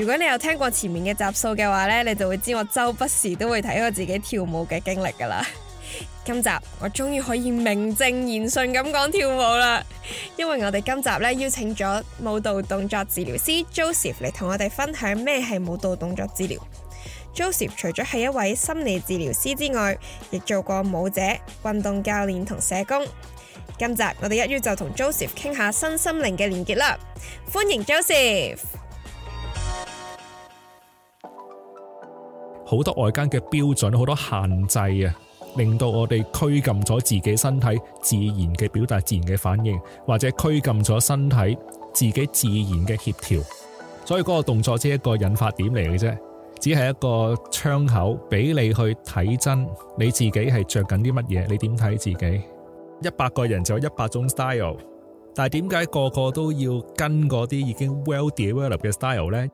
如果你有聽過前面嘅集數嘅話呢你就會知我周不時都會睇我自己跳舞嘅經歷噶啦。今集我終於可以名正言順咁講跳舞啦，因為我哋今集呢邀請咗舞蹈動作治療師 Joseph 嚟同我哋分享咩係舞蹈動作治療。Joseph 除咗係一位心理治療師之外，亦做過舞者、運動教練同社工。今集我哋一於就同 Joseph 傾下身心靈嘅連結啦。歡迎 Joseph。好多外間嘅標準，好多限制啊，令到我哋拘禁咗自己身體自然嘅表達、自然嘅反應，或者拘禁咗身體自己自然嘅協調。所以嗰個動作只係一個引發點嚟嘅啫，只係一個窗口俾你去睇真你自己係着緊啲乜嘢，你點睇自己？一百個人就有一百種 style，但係點解個個都要跟嗰啲已經 well develop 嘅 style 呢？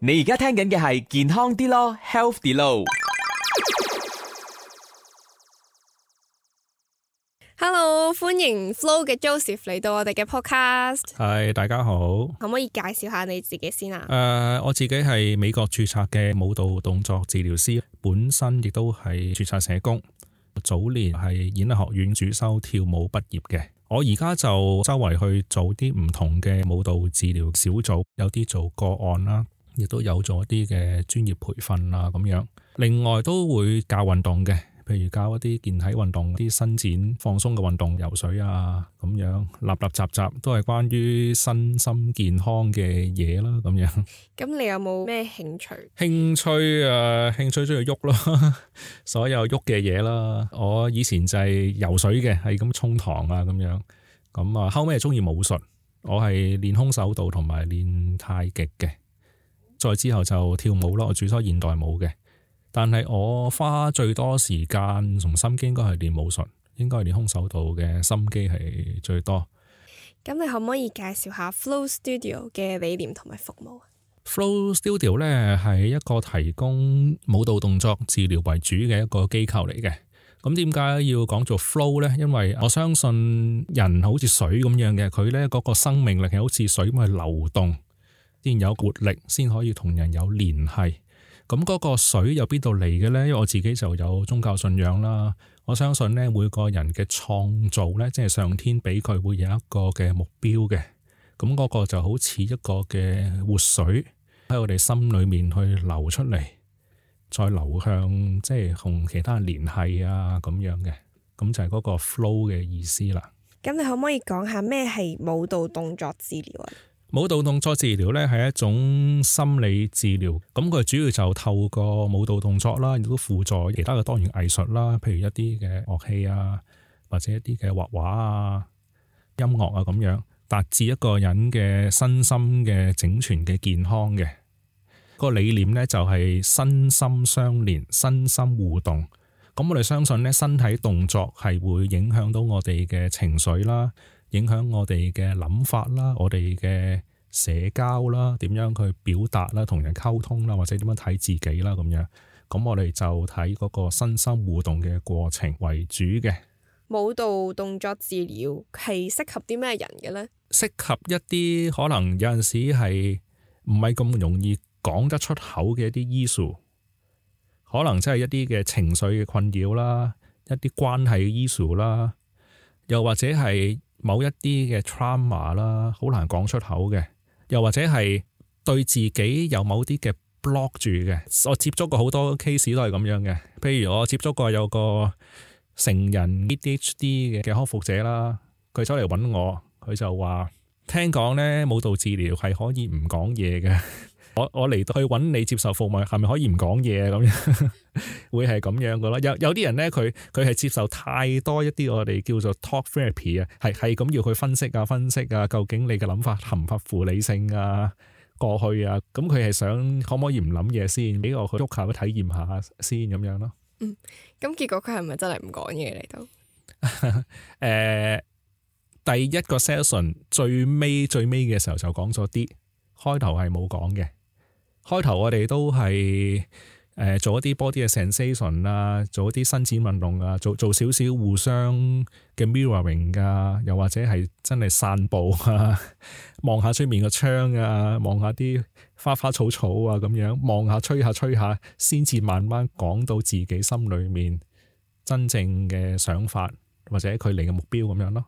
你而家聽緊嘅係健康啲咯，health 啲咯。咯 Hello，歡迎 Flow 嘅 Joseph 嚟到我哋嘅 podcast。係，大家好。可唔可以介紹下你自己先啊？誒，uh, 我自己係美國注冊嘅舞蹈動作治療師，本身亦都係注冊社工。早年係演藝學院主修跳舞畢業嘅。我而家就周圍去做啲唔同嘅舞蹈治療小組，有啲做個案啦。亦都有咗一啲嘅專業培訓啊，咁樣。另外都會教運動嘅，譬如教一啲健體運動、啲伸展放鬆嘅運動、游水啊，咁樣。立立雜雜都係關於身心健康嘅嘢啦，咁樣。咁你有冇咩興趣？興趣啊、呃，興趣中意喐咯，所有喐嘅嘢啦。我以前就係游水嘅，係咁沖塘啊，咁樣。咁啊，後尾中意武術，我係練空手道同埋練太極嘅。再之後就跳舞咯，我主修現代舞嘅。但係我花最多時間同心機，應該係練武術，應該係練空手道嘅心機係最多。咁你可唔可以介紹下 Flow Studio 嘅理念同埋服務？Flow Studio 咧係一個提供舞蹈動作治療為主嘅一個機構嚟嘅。咁點解要講做 Flow 咧？因為我相信人好似水咁樣嘅，佢咧嗰個生命力係好似水咁去流動。先有活力，先可以同人有聯繫。咁嗰個水由邊度嚟嘅呢？因為我自己就有宗教信仰啦。我相信呢，每個人嘅創造呢，即係上天俾佢會有一個嘅目標嘅。咁嗰個就好似一個嘅活水喺我哋心裏面去流出嚟，再流向即係同其他人聯繫啊，咁樣嘅。咁就係嗰個 flow 嘅意思啦。咁你可唔可以講下咩係舞蹈動作治療啊？舞蹈動作治療呢係一種心理治療，咁佢主要就透過舞蹈動作啦，亦都輔助其他嘅多元藝術啦，譬如一啲嘅樂器啊，或者一啲嘅畫畫啊、音樂啊咁樣，達至一個人嘅身心嘅整全嘅健康嘅。那個理念呢就係身心相連、身心互動。咁我哋相信呢，身體動作係會影響到我哋嘅情緒啦。影響我哋嘅諗法啦，我哋嘅社交啦，點樣去表達啦，同人溝通啦，或者點樣睇自己啦，咁樣，咁我哋就睇嗰個身心互動嘅過程為主嘅。舞蹈動作治療係適合啲咩人嘅呢？適合一啲可能有陣時係唔係咁容易講得出口嘅一啲 issue，可能真係一啲嘅情緒嘅困擾啦，一啲關係嘅 issue 啦，又或者係，某一啲嘅 trauma 啦，好難講出口嘅，又或者係對自己有某啲嘅 block 住嘅。我接觸過好多 case 都係咁樣嘅。譬如我接觸過有個成人 ADHD 嘅嘅康復者啦，佢走嚟揾我，佢就話聽講呢，舞蹈治療係可以唔講嘢嘅。 我我嚟去揾你接受服務，係咪可以唔講嘢啊？咁樣會係咁樣噶咯？有有啲人咧，佢佢係接受太多一啲我哋叫做 talk therapy 啊，係係咁要佢分析啊，分析啊，究竟你嘅諗法合唔合乎理性啊？過去啊，咁佢係想可唔可以唔諗嘢先，俾我去郁下體驗下先咁樣咯。嗯，咁結果佢係咪真係唔講嘢嚟到？誒，第一個 session 最尾最尾嘅時候就講咗啲，開頭係冇講嘅。開頭我哋都係誒做一啲 body 嘅 sensation 啊，做一啲伸展運動啊，做做少少互相嘅 mirroring 㗎，又或者係真係散步啊，望下出面個窗啊，望下啲花花草草啊咁樣，望下吹下吹下，先至慢慢講到自己心裏面真正嘅想法或者佢嚟嘅目標咁樣咯。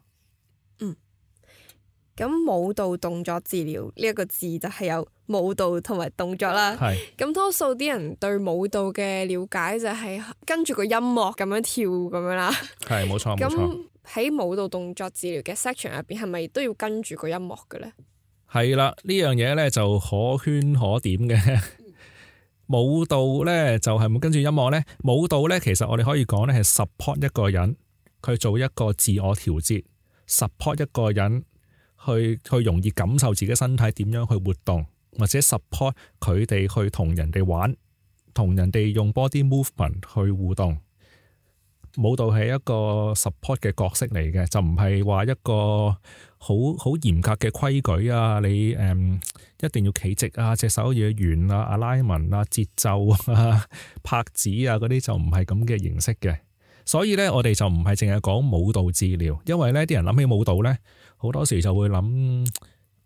咁舞蹈動作治療呢一個字就係有舞蹈同埋動作啦。咁是，多數啲人對舞蹈嘅了解就係跟住個音樂咁樣跳咁樣啦。係冇錯。咁喺那錯舞蹈動作治療嘅 section 入邊，係咪都要跟住、這個音樂嘅咧？係啦，呢樣嘢咧就可圈可點嘅 舞蹈咧就係、是、唔跟住音樂咧。舞蹈咧其實我哋可以講咧係 support 一個人佢做一個自我調節，support 一個人。去去容易感受自己身體點樣去活動，或者 support 佢哋去同人哋玩，同人哋用 body movement 去互動。舞蹈係一個 support 嘅角色嚟嘅，就唔係話一個好好嚴格嘅規矩啊！你誒、嗯、一定要企直啊，隻手要圓啊，alignment 啊，節奏啊，拍子啊嗰啲就唔係咁嘅形式嘅。所以呢，我哋就唔係淨係講舞蹈治療，因為呢啲人諗起舞蹈呢。好多時就會諗，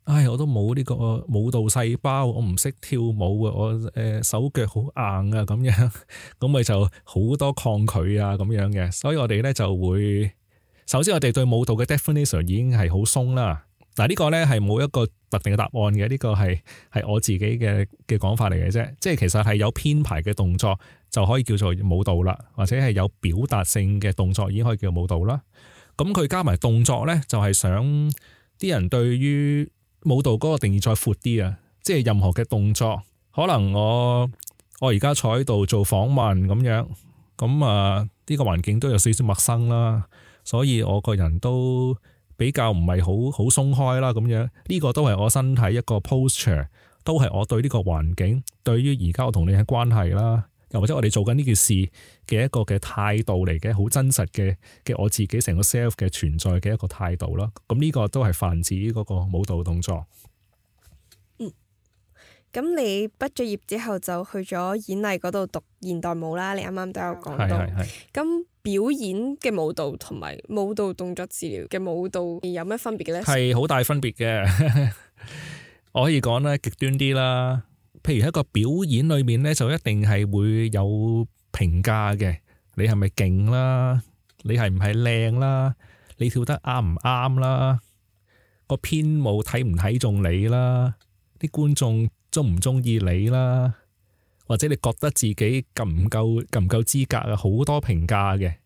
唉，我都冇呢、這個舞蹈細胞，我唔識跳舞嘅，我誒、呃、手腳好硬啊，咁樣，咁咪就好多抗拒啊，咁樣嘅，所以我哋咧就會，首先我哋對舞蹈嘅 definition 已經係好鬆啦，嗱，呢個咧係冇一個特定嘅答案嘅，呢、這個係係我自己嘅嘅講法嚟嘅啫，即係其實係有編排嘅動作就可以叫做舞蹈啦，或者係有表達性嘅動作已經可以叫做舞蹈啦。咁佢加埋動作呢，就係想啲人對於舞蹈嗰個定義再闊啲啊！即係任何嘅動作，可能我我而家坐喺度做訪問咁樣，咁啊呢個環境都有少少陌生啦，所以我個人都比較唔係好好鬆開啦咁樣。呢個都係我身體一個 posture，都係我對呢個環境，對於而家我同你嘅關係啦。又或者我哋做緊呢件事嘅一個嘅態度嚟嘅，好真實嘅嘅我自己成個 self 嘅存在嘅一個態度咯。咁呢個都係泛指嗰個舞蹈動作。嗯，咁你畢咗業之後就去咗演藝嗰度讀現代舞啦。你啱啱都有講到。係係係。咁表演嘅舞蹈同埋舞蹈動作治療嘅舞蹈有咩分別咧係好大分別嘅。 我可以講咧極端啲啦。譬如喺一個表演裏面呢，就一定係會有評價嘅。你係咪勁啦？你係唔係靚啦？你跳得啱唔啱啦？個編舞睇唔睇中你啦？啲觀眾鍾唔鍾意你啦？或者你覺得自己夠唔夠夠唔夠資格啊？好多評價嘅。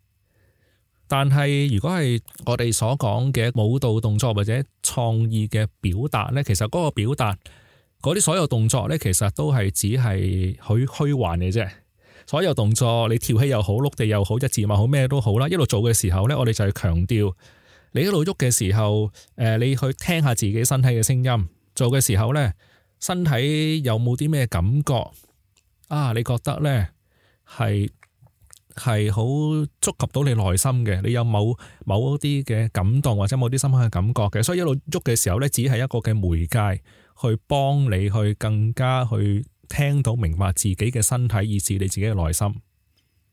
但係如果係我哋所講嘅舞蹈動作或者創意嘅表達呢，其實嗰個表達。嗰啲所有動作咧，其實都係只係好虛幻嘅啫。所有動作，你跳起又好，碌地又好，一字馬好，咩都好啦。一路做嘅時候咧，我哋就係強調你一路喐嘅時候，誒，你去聽下自己身體嘅聲音。做嘅時候咧，身體有冇啲咩感覺啊？你覺得咧係係好觸及到你內心嘅？你有冇某一啲嘅感動，或者某啲深刻嘅感覺嘅？所以一路喐嘅時候咧，只係一個嘅媒介。去幫你去更加去聽到，明白自己嘅身體以，以至你自己嘅內心。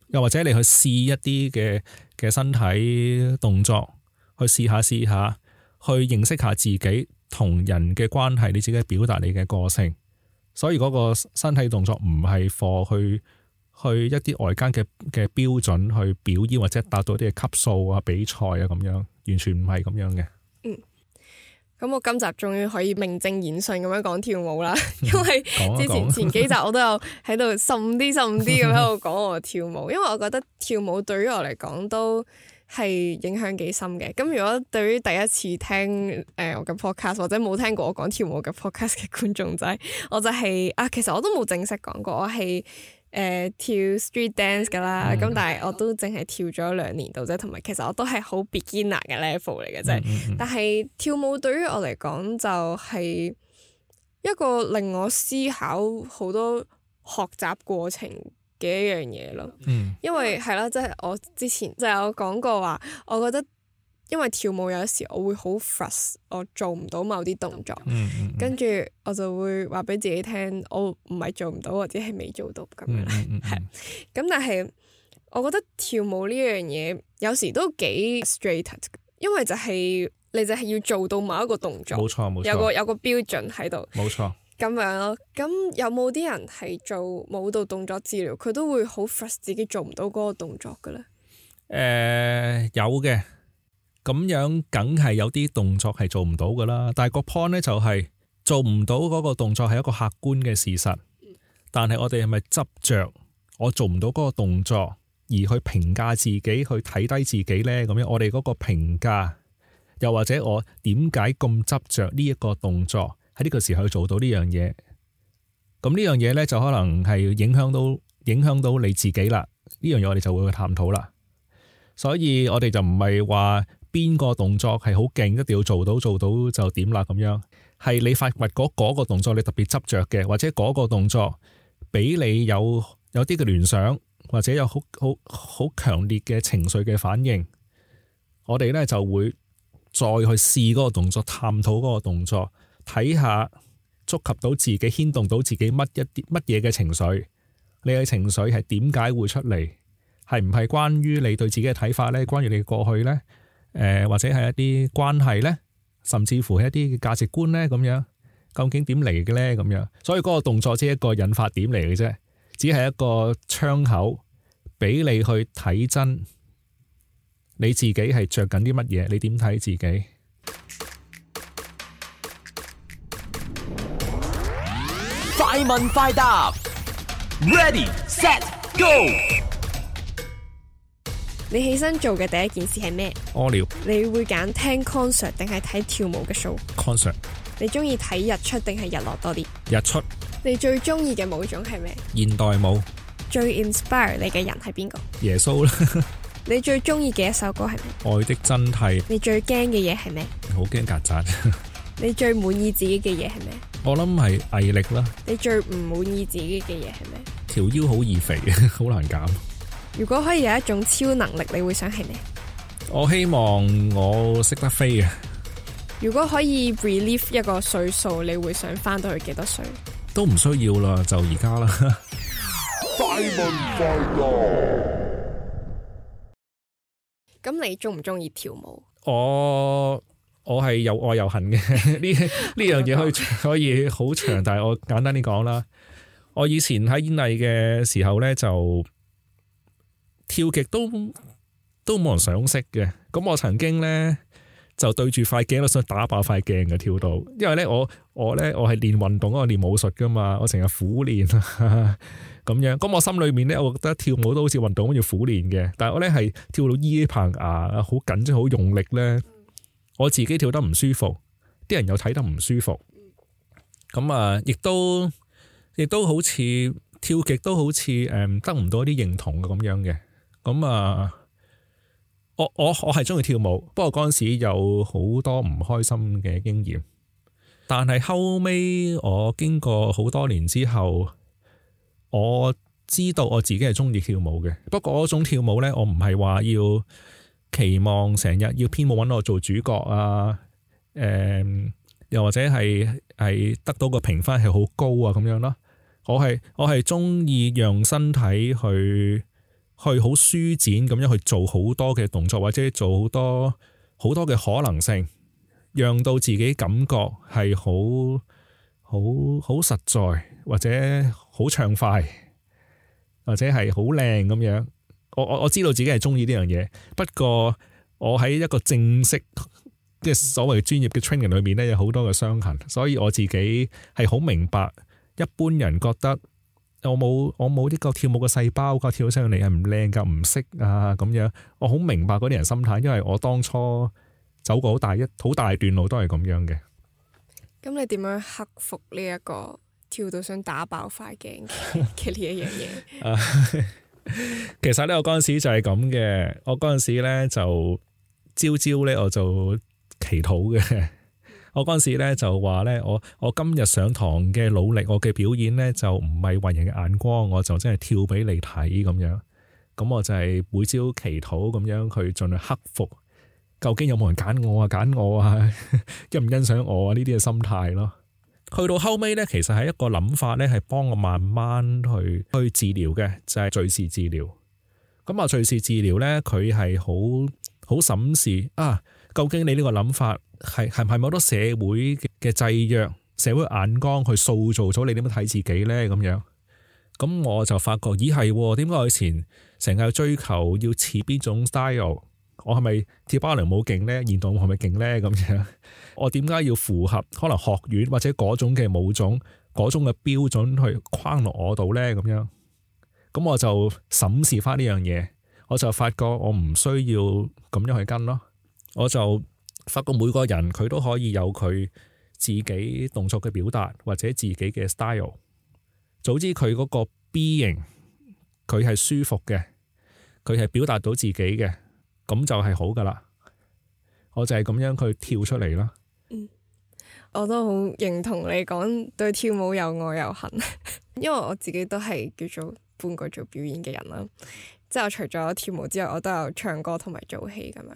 又或者你去試一啲嘅嘅身體動作，去試下試下，去認識下自己同人嘅關係，你自己去表達你嘅個性。所以嗰個身體動作唔係課去去一啲外間嘅嘅標準去表演或者達到啲嘅級數啊、比賽啊咁樣，完全唔係咁樣嘅。咁我今集終於可以名正言順咁樣講跳舞啦，因為之前前幾集我都有喺度深啲深啲咁喺度講我跳舞，因為我覺得跳舞對於我嚟講都係影響幾深嘅。咁如果對於第一次聽誒我嘅 podcast 或者冇聽過我講跳舞嘅 podcast 嘅觀眾仔，我就係、是、啊，其實我都冇正式講過，我係。誒、呃、跳 street dance 噶啦，咁、mm hmm. 但係我都淨係跳咗兩年度啫，同埋其實我都係好 beginner 嘅 level 嚟嘅啫。Mm hmm. 但係跳舞對於我嚟講就係一個令我思考好多學習過程嘅一樣嘢咯。Mm hmm. 因為係咯，即係、就是、我之前即係、就是、我講過話，我覺得。因為跳舞有時我會好 frust 我做唔到某啲動作，跟住、嗯嗯、我就會話俾自己聽，我唔係做唔到，或者係未做到咁樣。係咁、嗯嗯嗯，但係我覺得跳舞呢樣嘢有時都幾 straight，因為就係、是、你就係要做到某一個動作，冇錯、冇錯、有個有個標準喺度。冇錯，咁樣咯。咁有冇啲人係做舞蹈動作治療，佢都會好 frust 自己做唔到嗰個動作㗎咧？誒、呃，有嘅。咁樣梗係有啲動作係做唔到噶啦，但係個 point 呢，就係，就係做唔到嗰個動作係一個客觀嘅事實。但係我哋係咪執着我做唔到嗰個動作而去評價自己去睇低自己呢？咁樣我哋嗰個評價，又或者我點解咁執着呢一個動作喺呢個時候去做到呢樣嘢？咁呢樣嘢呢，就可能係影響到影響到你自己啦。呢樣嘢我哋就會去探討啦。所以我哋就唔係話。邊個動作係好勁，一定要做到做到就點啦咁樣，係你發掘嗰嗰個動作你特別執着嘅，或者嗰個動作俾你有有啲嘅聯想，或者有好好好強烈嘅情緒嘅反應，我哋呢就會再去試嗰個動作，探討嗰個動作，睇下觸及到自己，牽動到自己乜一啲乜嘢嘅情緒，你嘅情緒係點解會出嚟？係唔係關於你對自己嘅睇法呢？關於你嘅過去呢？誒或者係一啲關係呢，甚至乎係一啲價值觀呢咁樣，究竟點嚟嘅呢咁樣？所以嗰個動作只係一個引發點嚟嘅啫，只係一個窗口俾你去睇真你自己係著緊啲乜嘢，你點睇自己？快問快答，Ready，Set，Go。你起身做嘅第一件事係咩？屙尿。你會揀聽 concert 定係睇跳舞嘅 show？concert。你中意睇日出定係日落多啲？日出。你最中意嘅舞種係咩？現代舞。最 inspire 你嘅人係邊個？耶穌啦。你最中意嘅一首歌係咩？愛的真諦。你最驚嘅嘢係咩？好驚曱甴。你最滿意自己嘅嘢係咩？我諗係毅力啦。你最唔滿意自己嘅嘢係咩？條腰好易肥，好 難減。如果可以有一種超能力，你會想係咩？我希望我識得飛啊！如果可以 relieve 一個歲數，你會想翻到去幾多歲？都唔需要啦，就而家啦。快問快答。咁你中唔中意跳舞？我我係又愛又恨嘅，呢呢樣嘢可以可以好長， 但係我簡單啲講啦。我以前喺演藝嘅時候呢，就。跳極都都冇人賞識嘅，咁我曾經呢，就對住塊鏡都想打爆塊鏡嘅跳到，因為呢，我我呢我係練運動，我練武術噶嘛，我成日苦練咁 樣，咁我心裏面呢，我覺得跳舞都好似運動咁要苦練嘅，但係我呢係跳到依棚牙好緊張好用力呢。我自己跳得唔舒服，啲人又睇得唔舒服，咁啊亦都亦都好似跳極都好似誒、嗯、得唔到啲認同嘅咁樣嘅。咁啊，我我我係中意跳舞，不過嗰陣時有好多唔開心嘅經驗。但係後尾我經過好多年之後，我知道我自己係中意跳舞嘅。不過嗰種跳舞呢，我唔係話要期望成日要編舞揾我做主角啊，誒、呃，又或者係係得到個評分係好高啊咁樣咯、啊。我係我係中意讓身體去。去好舒展咁樣去做好多嘅動作，或者做好多好多嘅可能性，讓到自己感覺係好好好實在，或者好暢快，或者係好靚咁樣。我我我知道自己係中意呢樣嘢，不過我喺一個正式嘅所謂專業嘅 training 裏面呢，有好多嘅傷痕，所以我自己係好明白一般人覺得。我冇我冇呢個跳舞嘅細胞，個跳上嚟係唔靚噶，唔識啊咁樣。我好明白嗰啲人心態，因為我當初走過好大一好大段路都係咁樣嘅。咁你點樣克服呢、這、一個跳到想打爆塊鏡嘅呢一樣嘢？其實呢我嗰陣時就係咁嘅，我嗰陣時呢就朝朝呢，我就祈禱嘅。我嗰陣時咧就話咧，我我今日上堂嘅努力，我嘅表演呢就唔係為人嘅眼光，我就真係跳俾你睇咁樣。咁我就係每朝祈禱咁樣去盡力克服，究竟有冇人揀我啊？揀我啊？ 欣唔欣賞我啊？呢啲嘅心態咯。去到後尾呢，其實係一個諗法呢，係幫我慢慢去去治療嘅，就係敘事治療。咁啊，敘事治療呢，佢係好好審視啊，究竟你呢個諗法？係係咪某多社會嘅制約，社會眼光去塑造咗你點樣睇自己呢？咁樣，咁我就發覺，咦係喎？點解我以前成日追求要似邊種 style？我係咪跳芭蕾舞勁呢？現代舞係咪勁呢？咁樣，我點解要符合可能學院或者嗰種嘅舞種，嗰種嘅標準去框落我度呢？咁樣，咁我就審視翻呢樣嘢，我就發覺我唔需要咁樣去跟咯，我就。發覺每個人佢都可以有佢自己動作嘅表達，或者自己嘅 style。早知佢嗰個 B 型，佢係舒服嘅，佢係表達到自己嘅，咁就係好噶啦。我就係咁樣佢跳出嚟啦。嗯，我都好認同你講對跳舞又愛又恨， 因為我自己都係叫做半個做表演嘅人啦。即係除咗跳舞之外，我都有唱歌同埋做戲咁樣。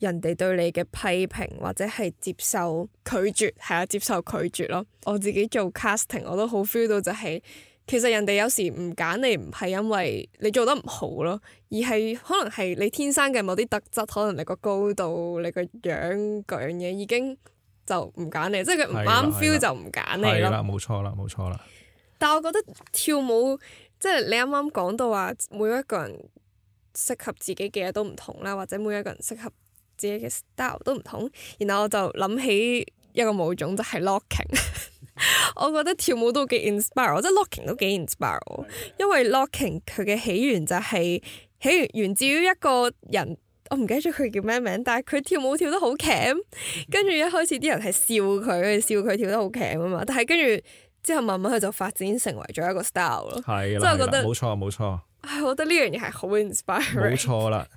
人哋對你嘅批評或者係接受拒絕，係啊，接受拒絕咯。我自己做 casting 我都好 feel 到就係，其實人哋有時唔揀你唔係因為你做得唔好咯，而係可能係你天生嘅某啲特質，可能你個高度、你個樣嗰樣嘢已經就唔揀你，即係佢唔啱 feel 就唔揀你咯。係啦，冇錯啦，冇錯啦。但係我覺得跳舞，即係你啱啱講到話，每一個人適合自己嘅嘢都唔同啦，或者每一個人適合。自己嘅 style 都唔同，然後我就諗起一個舞種就係 locking。 我覺得跳舞都幾 inspire，我即係 locking 都幾 inspire 因為 locking 佢嘅起源就係起源源自於一個人，我唔記得咗佢叫咩名，但係佢跳舞跳得好 cam，跟住一開始啲人係笑佢，他笑佢跳得好 cam 啊嘛，但係跟住之後慢慢佢就發展成為咗一個 style 咯。係是的 我覺得，冇錯冇錯唉。我覺得呢樣嘢係好 inspire。冇錯啦。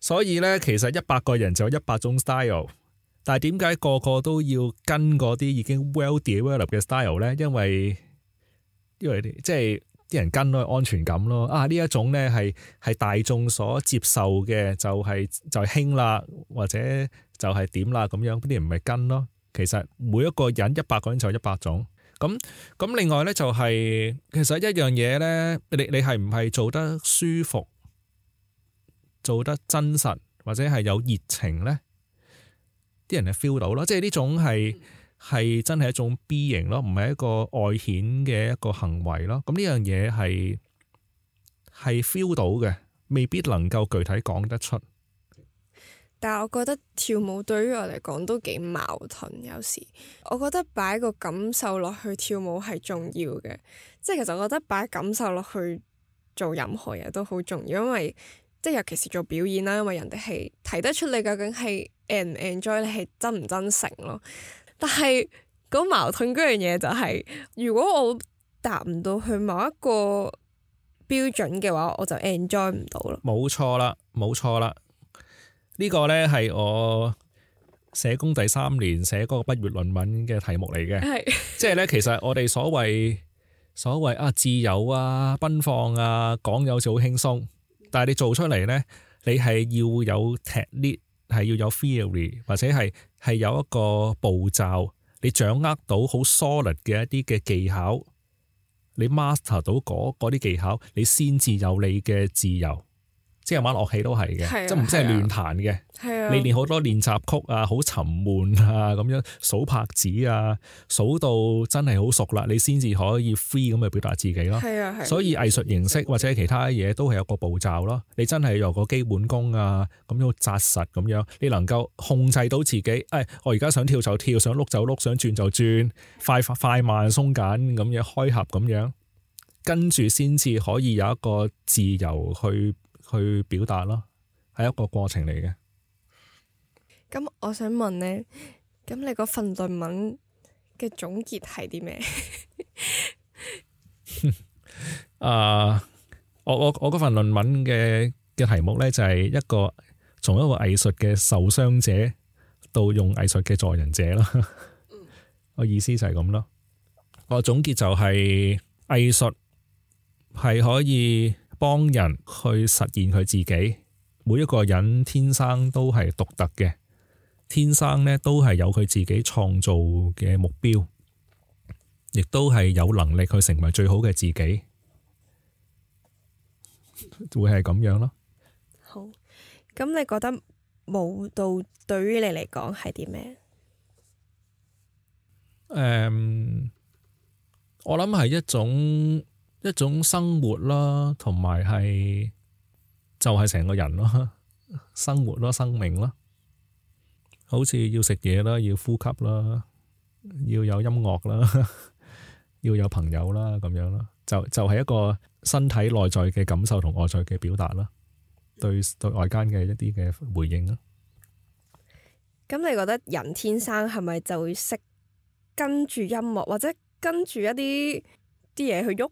所以咧，其實一百個人就有一百種 style，但係點解個個都要跟嗰啲已經 well developed 嘅 style 咧？因為因為即係啲人跟咯，安全感咯。啊呢一種咧係係大眾所接受嘅，就係就係輕啦，或者就係點啦咁樣，啲人唔係跟咯。其實每一個人一百個人就有一百種，咁咁另外咧就係其實一樣嘢咧，你你係唔係做得舒服？做得真實或者係有熱情呢啲人係 feel 到咯。即係呢種係係真係一種 B 型咯，唔係一個外顯嘅一個行為咯。咁呢樣嘢係係 feel 到嘅，未必能夠具體講得出。但係我覺得跳舞對於我嚟講都幾矛盾。有時我覺得擺個感受落去跳舞係重要嘅，即係其實我覺得擺感受落去做任何嘢都好重要，因為即係尤其是做表演啦，因為人哋係睇得出你究竟係 en 唔 enjoy，你係真唔真誠咯。但係嗰、那個、矛盾嘅嘢就係、是，如果我達唔到佢某一個標準嘅話，我就 enjoy 唔到咯。冇錯啦，冇錯啦，呢、這個咧係我社工第三年寫嗰個畢業論文嘅題目嚟嘅。係，即係咧，其實我哋所謂所謂啊自由啊奔放啊講有少好輕鬆。但係你做出嚟咧，你係要有 technique，係要有 theory，或者係係有一個步驟，你掌握到好 solid 嘅一啲嘅技巧，你 master 到嗰啲技巧，你先至有你嘅自由。即係玩樂器都係嘅，啊、即唔即係亂彈嘅。啊、你練好多練習曲啊，好沉悶啊，咁樣數拍子啊，數到真係好熟啦，你先至可以 free 咁去表達自己咯。啊啊、所以藝術形式或者其他嘢都係有個步驟咯。你真係有個基本功啊，咁樣紮實咁樣，你能夠控制到自己，誒、哎，我而家想跳就跳，想碌就碌，想轉就轉，快快慢鬆緊咁樣開合咁樣，跟住先至可以有一個自由去。去表達咯，係一個過程嚟嘅。咁我想問咧，咁你嗰份論文嘅總結係啲咩？啊，我我我嗰份論文嘅嘅題目咧就係一個從一個藝術嘅受傷者到用藝術嘅助人者咯。嗯，我意思就係咁咯。我總結就係藝術係可以。幫人去實現佢自己，每一個人天生都係獨特嘅，天生呢都係有佢自己創造嘅目標，亦都係有能力去成為最好嘅自己，會係咁樣咯。好，咁你覺得舞蹈對於你嚟講係啲咩？誒，我諗係一種。一種生活啦，同埋係就係成個人咯，生活咯，生命咯，好似要食嘢啦，要呼吸啦，要有音樂啦，要有朋友啦，咁樣啦，就就係一個身體內在嘅感受同外在嘅表達啦，對對外間嘅一啲嘅回應啦。咁你覺得人天生係咪就會識跟住音樂或者跟住一啲啲嘢去喐，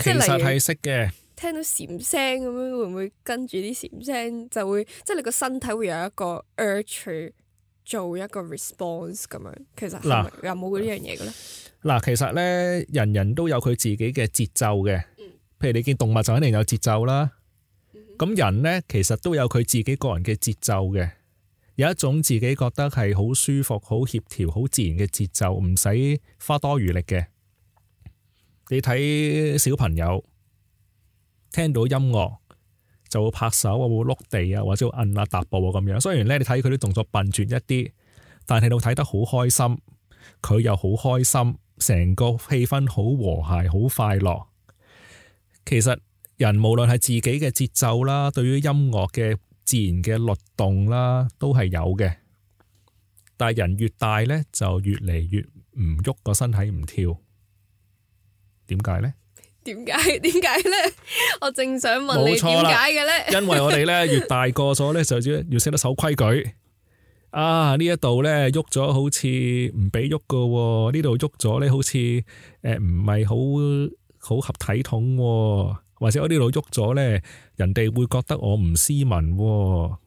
其實係識嘅。聽到蟬聲咁樣，會唔會跟住啲蟬聲就會，即係你個身體會有一個 urge 去做一個 response 咁樣？其實嗱，有冇呢樣嘢嘅咧？嗱，其實咧，人人都有佢自己嘅節奏嘅。嗯。譬如你見動物就肯定有節奏啦。嗯。咁人咧，其實都有佢自己個人嘅節奏嘅，有一種自己覺得係好舒服、好協調、好自然嘅節奏，唔使花多餘力嘅。你睇小朋友聽到音樂就會拍手啊、碌地啊，或者摁啊，踏步咁樣。雖然呢，你睇佢啲動作笨拙一啲，但係你睇得好開心，佢又好開心，成個氣氛好和諧、好快樂。其實人無論係自己嘅節奏啦，對於音樂嘅自然嘅律動啦，都係有嘅。但係人越大呢，就越嚟越唔喐個身體，唔跳。點解咧？點解？點解咧？我正想問你點解嘅咧？為呢因為我哋咧越大個，咗以咧就要要識得守規矩。啊，呢一度咧喐咗，好似唔俾喐噶。呢度喐咗咧，好似誒唔係好好合體統。或者我呢度喐咗咧，人哋會覺得我唔斯文。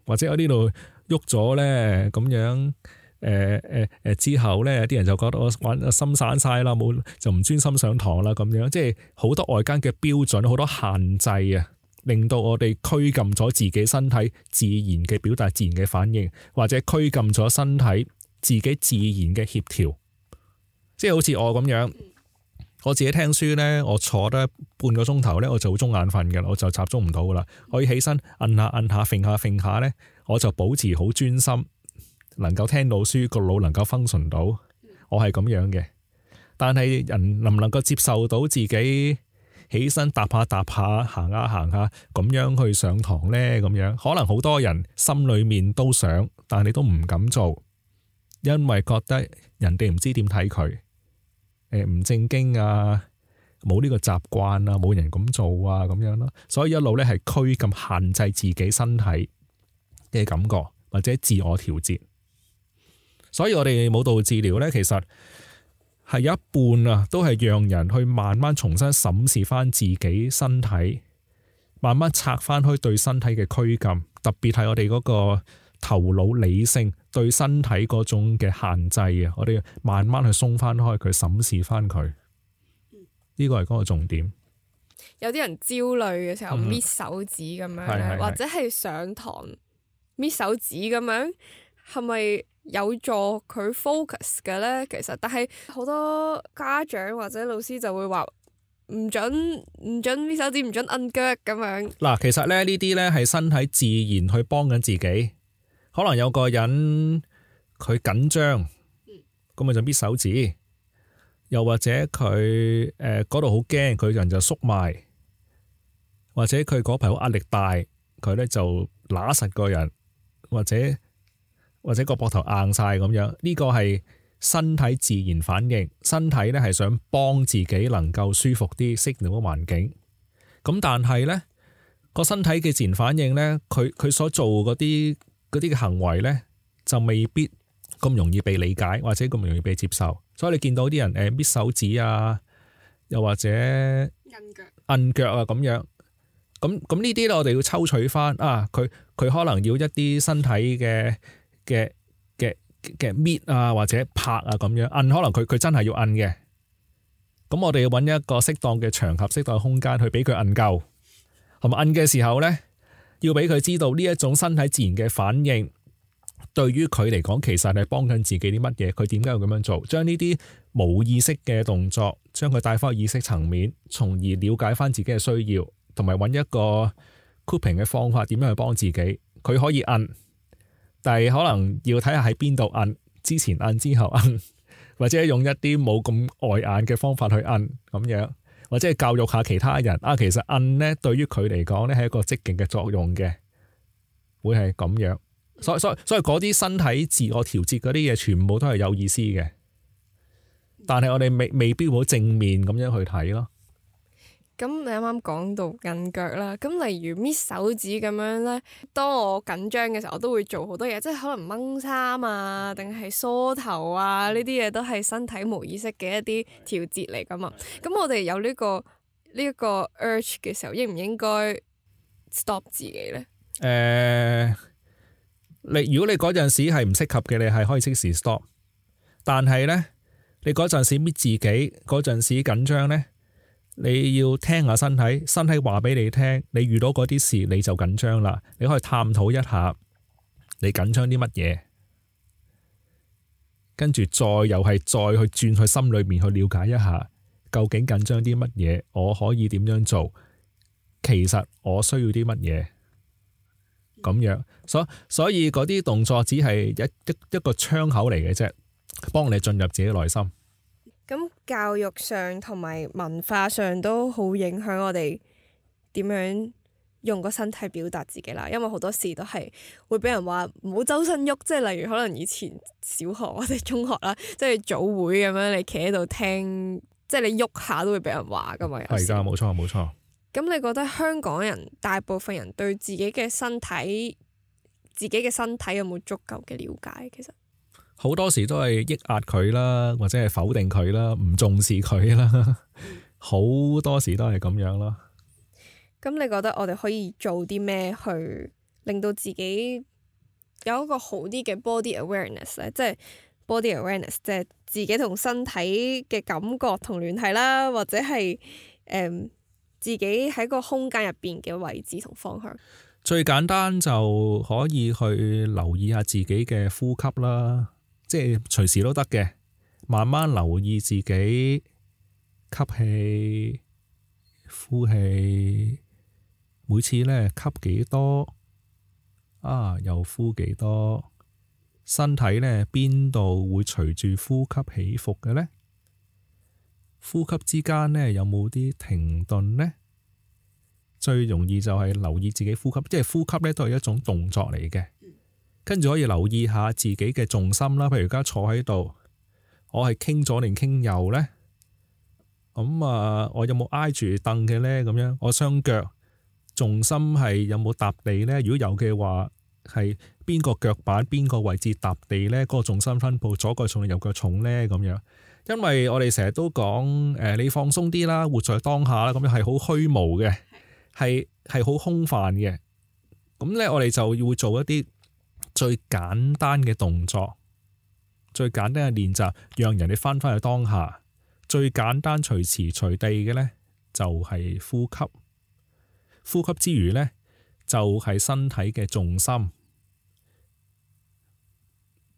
或者我呢度喐咗咧，咁樣。誒誒誒之後呢，有啲人就覺得我玩心散晒啦，冇就唔專心上堂啦，咁樣即係好多外間嘅標準，好多限制啊，令到我哋拘禁咗自己身體自然嘅表達，自然嘅反應，或者拘禁咗身體自己自然嘅協調。即係好似我咁樣，嗯、我自己聽書呢，我坐得半個鐘頭呢，我就好中眼瞓噶啦，我就集中唔到噶啦。可以起身摁下摁下，揈下揈下呢，我就保持好專心。能夠聽到書，個腦能夠 function 到，我係咁樣嘅。但係人能唔能夠接受到自己起身踏下踏下行下、啊、行下、啊、咁樣去上堂呢？咁樣可能好多人心裏面都想，但係你都唔敢做，因為覺得人哋唔知點睇佢，唔正經啊，冇呢個習慣啊，冇人咁做啊咁樣咯。所以一路呢係拘禁限制自己身體嘅感覺，或者自我調節。所以我哋舞蹈治療呢，其實係一半啊，都係讓人去慢慢重新審視翻自己身體，慢慢拆翻開對身體嘅拘禁，特別係我哋嗰個頭腦理性對身體嗰種嘅限制啊！我哋慢慢去鬆翻開佢，審視翻佢，呢個係嗰個重點。有啲人焦慮嘅時候搣手指咁樣，或者係上堂搣手指咁樣。係咪有助佢 focus 嘅咧？其實，但係好多家長或者老師就會話唔准，唔准搣手指，唔准摁腳咁樣。嗱，其實咧呢啲咧係身體自然去幫緊自己。可能有個人佢緊張，咁咪、嗯、就搣手指；又或者佢誒嗰度好驚，佢、呃、人就縮埋；或者佢嗰排好壓力大，佢咧就乸實個人，或者。或者個膊頭硬晒咁樣，呢個係身體自然反應。身體呢係想幫自己能夠舒服啲，適應個環境。咁但係呢個身體嘅自然反應呢，佢佢所做嗰啲嗰啲嘅行為呢，就未必咁容易被理解，或者咁容易被接受。所以你見到啲人誒搣手指啊，又或者摁腳摁腳啊咁樣咁咁呢啲呢，我哋要抽取翻啊。佢佢可能要一啲身體嘅。嘅嘅嘅搣啊或者拍啊咁樣摁，可能佢佢真係要摁嘅，咁我哋要揾一個適當嘅場合、適當嘅空間去俾佢摁夠，同埋摁嘅時候呢，要俾佢知道呢一種身體自然嘅反應，對於佢嚟講，其實係幫緊自己啲乜嘢？佢點解要咁樣做？將呢啲冇意識嘅動作，將佢帶翻去意識層面，從而了解翻自己嘅需要，同埋揾一個 cooping 嘅方法，點樣去幫自己？佢可以摁。但係可能要睇下喺邊度摁，之前摁，之後摁，或者用一啲冇咁礙眼嘅方法去摁，咁樣，或者教育下其他人啊。其實摁呢，對於佢嚟講呢係一個積極嘅作用嘅，會係咁樣。所以所所以嗰啲身體自我調節嗰啲嘢，全部都係有意思嘅。但係我哋未未必好正面咁樣去睇咯。咁你啱啱講到摁腳啦，咁例如搣手指咁樣咧，當我緊張嘅時候，我都會做好多嘢，即係可能掹衫啊，定係梳頭啊，呢啲嘢都係身體無意識嘅一啲調節嚟噶嘛。咁我哋有呢、這個呢一、這個 urge 嘅時候，應唔應該 stop 自己咧？誒、呃，你如果你嗰陣時係唔適合嘅，你係可以即時 stop。但係咧，你嗰陣時搣自己，嗰陣時緊張咧。你要聽下身體，身體話俾你聽。你遇到嗰啲事，你就緊張啦。你可以探討一下，你緊張啲乜嘢？跟住再又係再去轉去心裏面去了解一下，究竟緊張啲乜嘢？我可以點樣做？其實我需要啲乜嘢？咁樣，所以所以嗰啲動作只係一一一個窗口嚟嘅啫，幫你進入自己內心。教育上同埋文化上都好影響我哋點樣用個身體表達自己啦，因為好多時都係會俾人話唔好周身喐，即係例如可能以前小學我哋中學啦，即係早會咁樣你企喺度聽，即係你喐下都會俾人話噶嘛。係噶的，冇錯冇錯。咁你覺得香港人大部分人對自己嘅身體、自己嘅身體有冇足夠嘅了解？其實？好多時都係抑壓佢啦，或者係否定佢啦，唔重視佢啦，好多時都係咁樣咯。咁你覺得我哋可以做啲咩去令到自己有一個好啲嘅 body awareness 咧？即係 body awareness，即係自己同身體嘅感覺同聯繫啦，或者係誒、呃、自己喺個空間入邊嘅位置同方向。最簡單就可以去留意下自己嘅呼吸啦。即係隨時都得嘅，慢慢留意自己吸氣、呼氣，每次呢吸幾多啊，又呼幾多，身體呢邊度會隨住呼吸起伏嘅呢？呼吸之間呢有冇啲停頓呢？最容易就係留意自己呼吸，即係呼吸呢都係一種動作嚟嘅。跟住可以留意下自己嘅重心啦，譬如而家坐喺度，我係傾左定傾右呢？咁、嗯、啊，我有冇挨住凳嘅呢？咁樣，我雙腳重心係有冇踏地呢？如果有嘅話，係邊個腳板邊個位置踏地呢？嗰個重心分布，左腳重定右腳重呢？咁樣，因為我哋成日都講，誒、呃，你放鬆啲啦，活在當下啦，咁樣係好虛無嘅，係係好空泛嘅。咁呢，我哋就要做一啲。最簡單嘅動作，最簡單嘅練習，讓人哋翻返去當下。最簡單隨時隨地嘅呢，就係呼吸。呼吸之餘呢，就係身體嘅重心。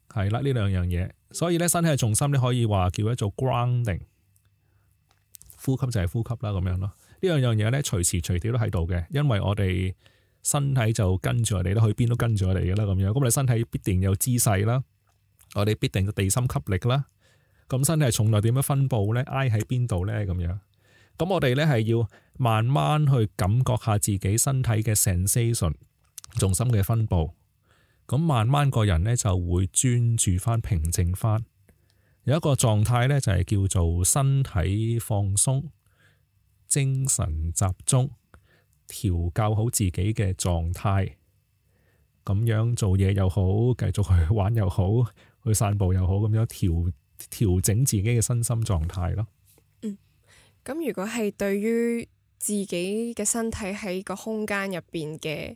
係啦，呢兩樣嘢，所以呢，身體嘅重心呢，你可以話叫佢做 grounding。呼吸就係呼吸啦，咁樣咯。呢兩樣嘢呢，隨時隨地都喺度嘅，因為我哋。身體就跟住我哋啦，去邊都跟住我哋嘅啦咁樣。咁你身體必定有姿勢啦，我哋必定地心吸力啦。咁身體係從來點樣分布呢？挨喺邊度呢？咁樣。咁我哋呢係要慢慢去感覺下自己身體嘅 sensation 重心嘅分布。咁慢慢個人呢就會專注翻、平靜翻，有一個狀態呢，就係、是、叫做身體放鬆、精神集中，調教好自己嘅狀態，咁樣做嘢又好，繼續去玩又好，去散步又好，咁樣調調整自己嘅身心狀態咯。嗯，咁如果係對於自己嘅身體喺個空間入邊嘅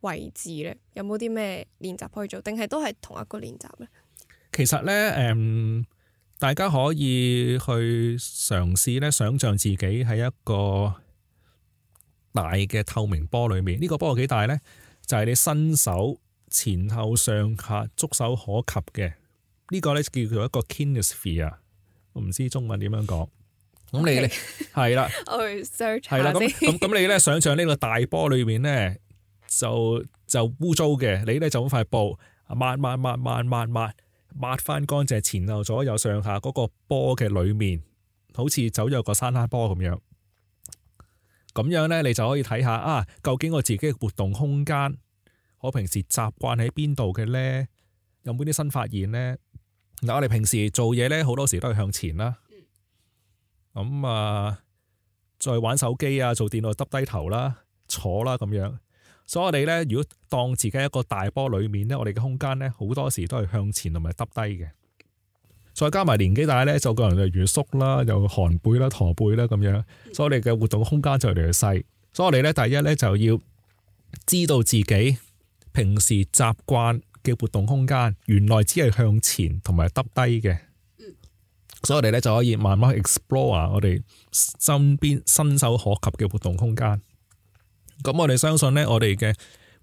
位置呢，有冇啲咩練習可以做？定係都係同一個練習呢？其實呢，誒、嗯，大家可以去嘗試呢，想象自己喺一個。大嘅透明波裏面，呢個波有幾大咧？就係你伸手前後上下觸手可及嘅，呢個咧叫做一個 Kinesphere，我唔知中文點樣講。咁你你係啦，係啦，咁咁你咧想象呢個大波裏面咧就就污糟嘅，你咧就攞塊布抹抹抹抹抹抹抹翻乾淨，前後左右上下嗰個波嘅裏面，好似走入個沙灘波咁樣。咁樣咧，你就可以睇下啊，究竟我自己嘅活動空間，我平時習慣喺邊度嘅咧？有冇啲新發現咧？嗱，我哋平時做嘢咧，好多時都係向前啦。咁、嗯、啊、呃，再玩手機啊，做電腦，耷低頭啦，坐啦，咁樣。所以我哋咧，如果當自己一個大波裡面咧，我哋嘅空間咧，好多時都係向前同埋耷低嘅。再加埋年紀大咧，就個人就越縮啦，又寒背啦，駝背啦咁樣，所以我哋嘅活動空間就越嚟越細。所以我哋咧，第一咧就要知道自己平時習慣嘅活動空間，原來只係向前同埋耷低嘅。所以我哋咧就可以慢慢 explore 我哋身邊伸手可及嘅活動空間。咁我哋相信咧，我哋嘅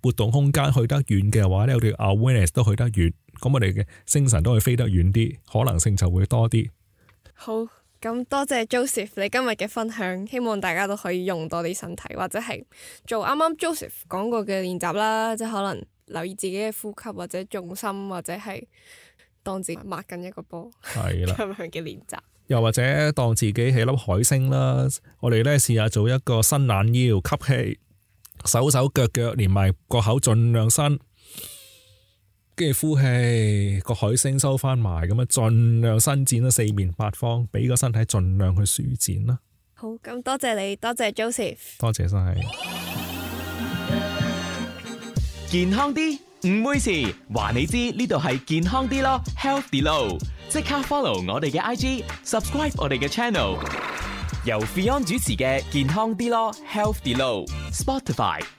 活動空間去得遠嘅話咧，我哋 awareness 都去得遠。咁我哋嘅星神都去飛得遠啲，可能性就會多啲。好，咁多謝 Joseph 你今日嘅分享，希望大家都可以用多啲身體，或者係做啱啱 Joseph 講過嘅練習啦，即係可能留意自己嘅呼吸，或者重心，或者係當自己抹緊一個波，係啦，咁樣嘅練習。又或者當自己起粒海星啦，我哋咧試下做一個伸懶腰、吸氣、手手腳腳連埋個口，盡量伸。跟住呼氣，個海星收翻埋咁樣，盡量伸展啦，四面八方，俾個身體盡量去舒展啦。好，咁多謝你，多謝 Joseph，多謝晒。健康啲唔會事，話你知呢度係健康啲咯。Healthy Low，即刻 follow 我哋嘅 IG，subscribe 我哋嘅 channel，由 Fion 主持嘅健康啲咯。Healthy Low，Spotify